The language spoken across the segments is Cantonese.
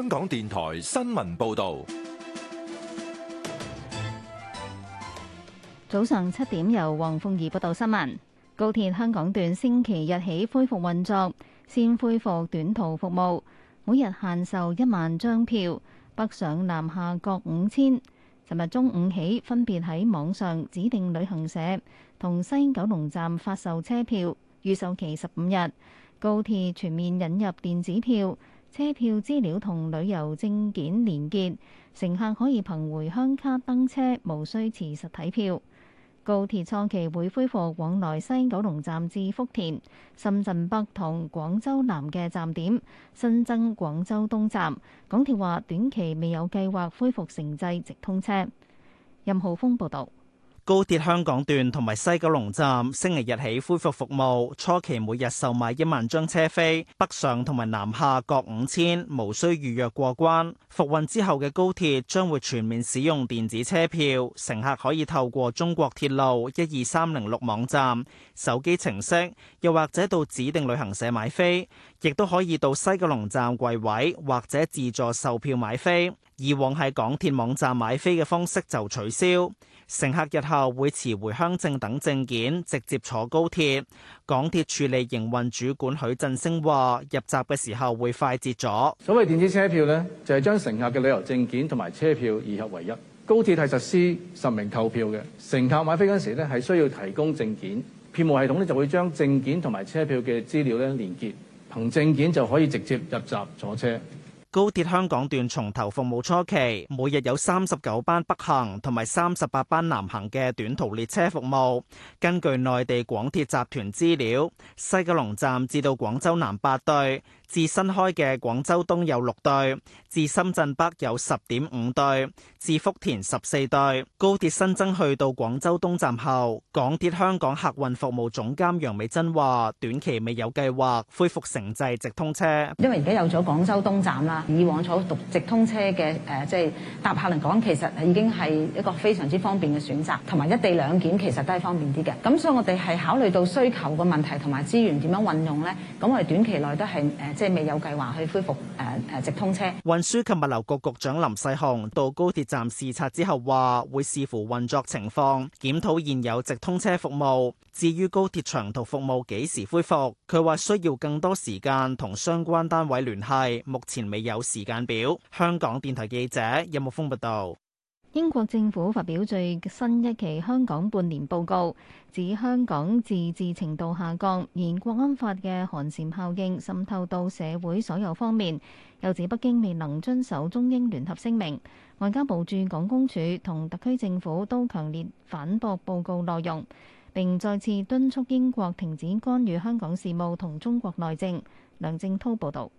香港電台新聞報道，早上七點由黃鳳儀報道新聞。高鐵香港段星期日起恢復運作，先恢復短途服務，每日限售一萬張票，北上南下各五千。尋日中午起，分別喺網上指定旅行社同西九龍站發售車票，預售期十五日。高鐵全面引入電子票。車票資料同旅遊證件連結，乘客可以憑回鄉卡登車，無需持實體票。高鐵初期會恢復往來西九龍站至福田、深圳北同廣州南嘅站點，新增廣州東站。港鐵話短期未有計劃恢復城際直通車。任浩峰報導。高鐵香港段同埋西九龍站星期日起恢復服務，初期每日售賣一萬張車飛，北上同埋南下各五千，無需預約過關。復運之後嘅高鐵將會全面使用電子車票，乘客可以透過中國鐵路一二三零六網站、手機程式，又或者到指定旅行社買飛，亦都可以到西九龍站櫃位或者自助售票買飛。以往喺港鐵網站買飛嘅方式就取消。乘客日後會持回鄉證等證件直接坐高鐵。港鐵處理營運主管許振興話：入閘嘅時候會快捷咗。所謂電子車票呢，就係將乘客嘅旅遊證件同埋車票二合為一。高鐵係實施實名購票嘅，乘客買飛嗰陣時呢係需要提供證件，票務系統呢就會將證件同埋車票嘅資料咧連結，憑證件就可以直接入閘坐車。高鐵香港段重投服務初期，每日有三十九班北行同埋三十八班南行嘅短途列車服務。根據內地廣鐵集團資料，西九龍站至到廣州南八對。至新開嘅廣州東有六對，至深圳北有十點五對，至福田十四對。高鐵新增去到廣州東站後，港鐵香港客運服務總監楊美珍話，短期未有計劃恢復城際直通車，因為而家有咗廣州東站啦，以往坐直通車嘅誒，即係搭客嚟講，其實已經係一個非常之方便嘅選擇，同埋一地兩檢其實都係方便啲嘅。咁所以我哋係考慮到需求嘅問題同埋資源點樣運用呢，咁我哋短期內都係誒。呃即係未有計劃去恢復誒誒直通車。運輸及物流局局長林世雄到高鐵站視察之後，話會視乎運作情況檢討現有直通車服務。至於高鐵長途服務幾時恢復，佢話需要更多時間同相關單位聯繫，目前未有時間表。香港電台記者任木峯報道。英國政府發表最新一期香港半年報告，指香港自治程度下降，而國安法嘅寒蟬效應滲透到社會所有方面。又指北京未能遵守中英聯合聲明。外交部駐港公署同特區政府都強烈反駁報告內容，並再次敦促英國停止干預香港事務同中國內政。梁正濤報導。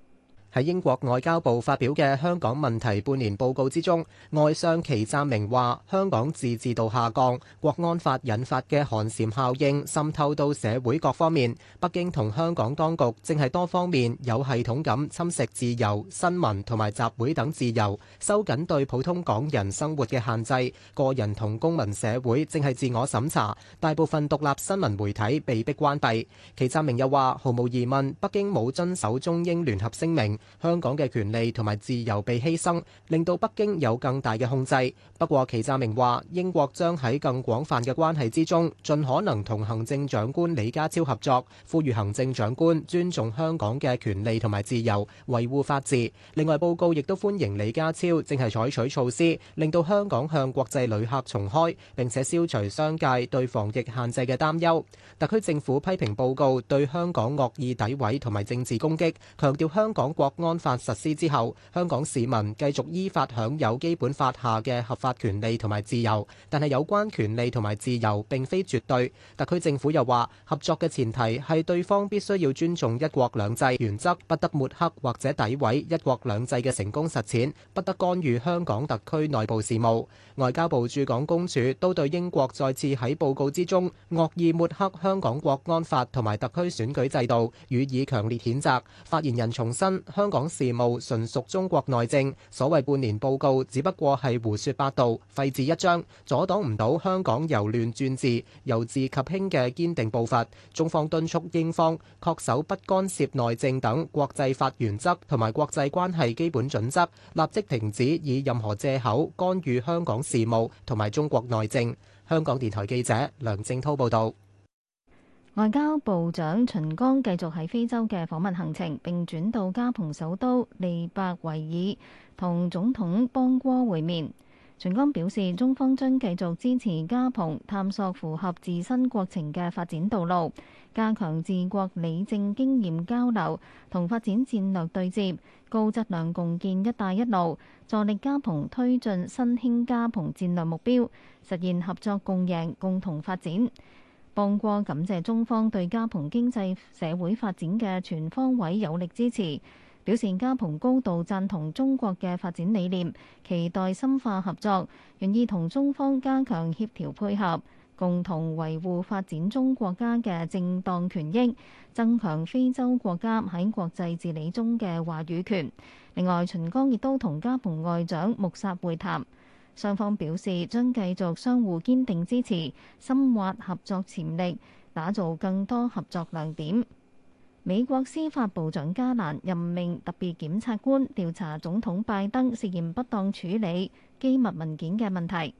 喺英國外交部發表嘅香港問題半年報告之中，外相祁湛明話：香港自治度下降，國安法引發嘅寒蟬效應滲透到社會各方面。北京同香港當局正係多方面有系統咁侵蝕自由、新聞同埋集會等自由，收緊對普通港人生活嘅限制。個人同公民社會正係自我審查，大部分獨立新聞媒體被逼關閉。祁湛明又話：毫無疑問，北京冇遵守中英聯合聲明。香港嘅權利同埋自由被犧牲，令到北京有更大嘅控制。不過，祁湛明話英國將喺更廣泛嘅關係之中，盡可能同行政長官李家超合作，呼籲行政長官尊重香港嘅權利同埋自由，維護法治。另外，報告亦都歡迎李家超正係採取措施，令到香港向國際旅客重開，並且消除商界對防疫限制嘅擔憂。特區政府批評報告對香港惡意詆毀同埋政治攻擊，強調香港國。國安法實施之後，香港市民繼續依法享有基本法下嘅合法權利同埋自由，但係有關權利同埋自由並非絕對。特區政府又話，合作嘅前提係對方必須要尊重一國兩制原則，不得抹黑或者詆毀一國兩制嘅成功實踐，不得干預香港特區內部事務。外交部駐港公署都對英國再次喺報告之中惡意抹黑香港國安法同埋特區選舉制度，予以強烈譴責。發言人重申。香港事務純屬中國內政，所謂半年報告，只不過係胡說八道、廢紙一張，阻擋唔到香港由亂轉治、由治及興嘅堅定步伐。中方敦促英方恪守不干涉內政等國際法原則同埋國際關係基本準則，立即停止以任何藉口干預香港事務同埋中國內政。香港電台記者梁正滔報導。外交部長秦剛繼續喺非洲嘅訪問行程，並轉到加蓬首都利伯維爾同總統邦戈會面。秦剛表示，中方將繼續支持加蓬探索符合自身國情嘅發展道路，加強治國理政經驗交流同發展戰略對接，高質量共建“一帶一路”，助力加蓬推進新興加蓬戰略目標，實現合作共贏、共同發展。放過感謝中方對加蓬經濟社會發展嘅全方位有力支持，表示加蓬高度贊同中國嘅發展理念，期待深化合作，願意同中方加強協調配合，共同維護發展中國家嘅正當權益，增強非洲國家喺國際治理中嘅話語權。另外，秦剛亦都同加蓬外長穆薩會談。雙方表示將繼續相互堅定支持，深挖合作潛力，打造更多合作亮點。美國司法部長加蘭任命特別檢察官調查總統拜登涉嫌不當處理機密文件嘅問題。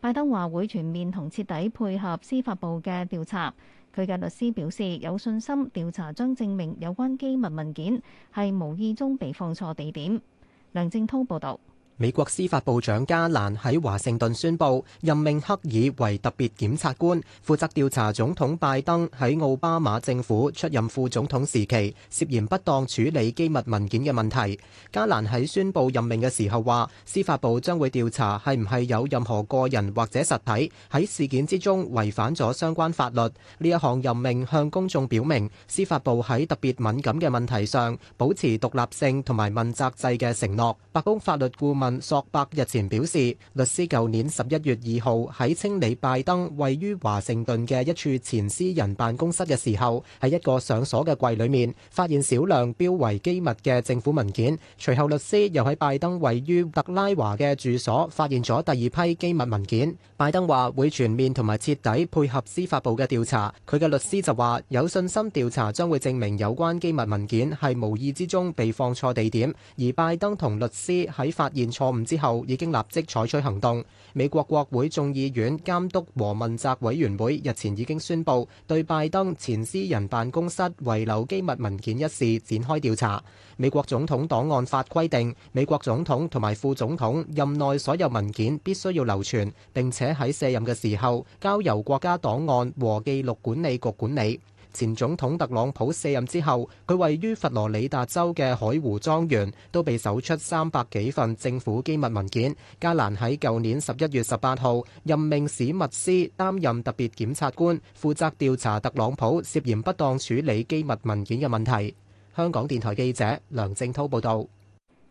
拜登話會全面同徹底配合司法部嘅調查。佢嘅律師表示有信心，調查將證明有關機密文件係無意中被放錯地點。梁正滔報導。美國司法部長加蘭喺華盛頓宣布任命克爾為特別檢察官，負責調查總統拜登喺奧巴馬政府出任副總統時期涉嫌不當處理機密文件嘅問題。加蘭喺宣布任命嘅時候話，司法部將會調查係唔係有任何個人或者實體喺事件之中違反咗相關法律。呢一項任命向公眾表明司法部喺特別敏感嘅問題上保持獨立性同埋問責制嘅承諾。白宮法律顧問索伯日前表示，律師舊年十一月二號喺清理拜登位於華盛頓嘅一處前私人辦公室嘅時候，喺一個上鎖嘅櫃裏面發現少量標為機密嘅政府文件。隨後，律師又喺拜登位於特拉華嘅住所發現咗第二批機密文件。拜登話會全面同埋徹底配合司法部嘅調查，佢嘅律師就話有信心調查將會證明有關機密文件係無意之中被放錯地點，而拜登同律師喺發現錯誤之後已經立即採取行動。美國國會眾議院監督和問責委員會日前已經宣布對拜登前私人辦公室遺留機密文件一事展開調查。美國總統檔案法規定，美國總統同埋副總統任內所有文件必須要留存，並且喺卸任嘅時候交由國家檔案和記錄管理局管理。前總統特朗普卸任之後，佢位於佛羅里達州嘅海湖莊園都被搜出三百幾份政府機密文件。加蘭喺舊年十一月十八號任命史密斯擔任特別檢察官，負責調查特朗普涉嫌不當處理機密文件嘅問題。香港電台記者梁正滔報導。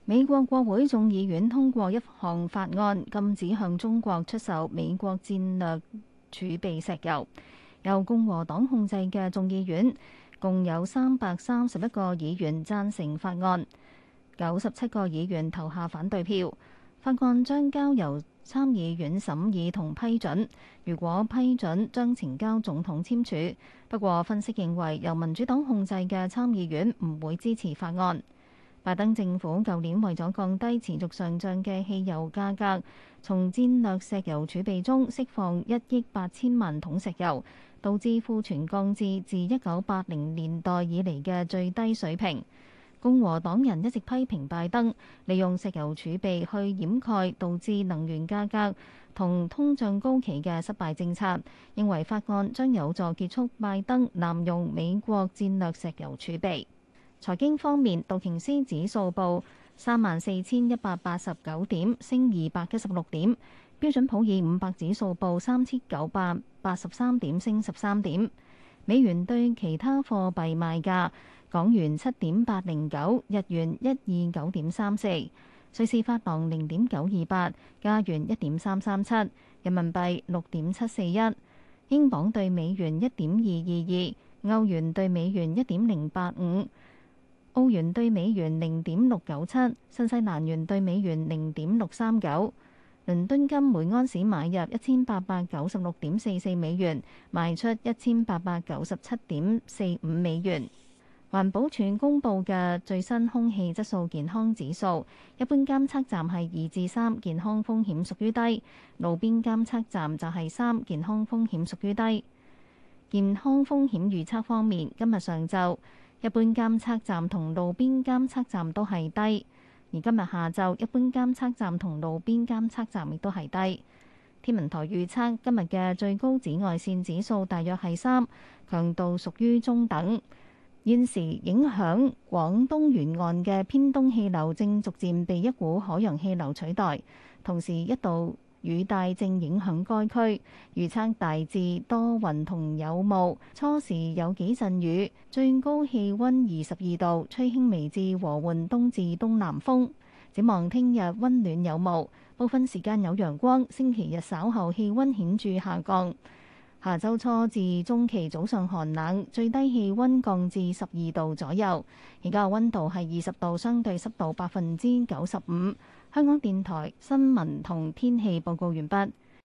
美國國會眾議院通過一項法案，禁止向中國出售美國戰略儲備石油。由共和黨控制嘅眾議院共有三百三十一個議員贊成法案，九十七個議員投下反對票。法案將交由參議院審議同批准，如果批准，將呈交總統簽署。不過，分析認為由民主黨控制嘅參議院唔會支持法案。拜登政府舊年為咗降低持續上漲嘅汽油價格，從戰略石油儲備中釋放一億八千萬桶石油。導致庫存降至自一九八零年代以嚟嘅最低水平。共和黨人一直批評拜登利用石油儲備去掩蓋導致能源價格同通脹高企嘅失敗政策，認為法案將有助結束拜登濫用美國戰略石油儲備。財經方面，道瓊斯指數報三萬四千一百八十九點，升二百一十六點。標準普爾五百指數報三千九百八十三點，升十三點。美元對其他貨幣賣價：港元七點八零九，日元一二九點三四，瑞士法郎零點九二八，加元一點三三七，人民幣六點七四一，英鎊對美元一點二二二，歐元對美元一點零八五，澳元對美元零點六九七，新西蘭元對美元零點六三九。倫敦金每安士買入一千八百九十六點四四美元，賣出一千八百九十七點四五美元。環保署公布嘅最新空氣質素健康指數，一般監測站係二至三，健康風險屬於低；路邊監測站就係三，健康風險屬於低。健康風險預測方面，今日上晝一般監測站同路邊監測站都係低。而今日下晝一般監測站同路邊監測站亦都係低。天文台預測今日嘅最高紫外線指數大約係三，強度屬於中等。現時影響廣東沿岸嘅偏東氣流正逐漸被一股海洋氣流取代，同時一道。雨帶正影響該區，預測大致多雲同有霧，初時有幾陣雨，最高氣溫二十二度，吹輕微至和緩東至東南風。展望聽日温暖有霧，部分時間有陽光。星期日稍後氣温顯著下降，下周初至中期早上寒冷，最低氣溫降至十二度左右。而家嘅温度係二十度，相對濕度百分之九十五。香港電台新聞同天氣報告完畢。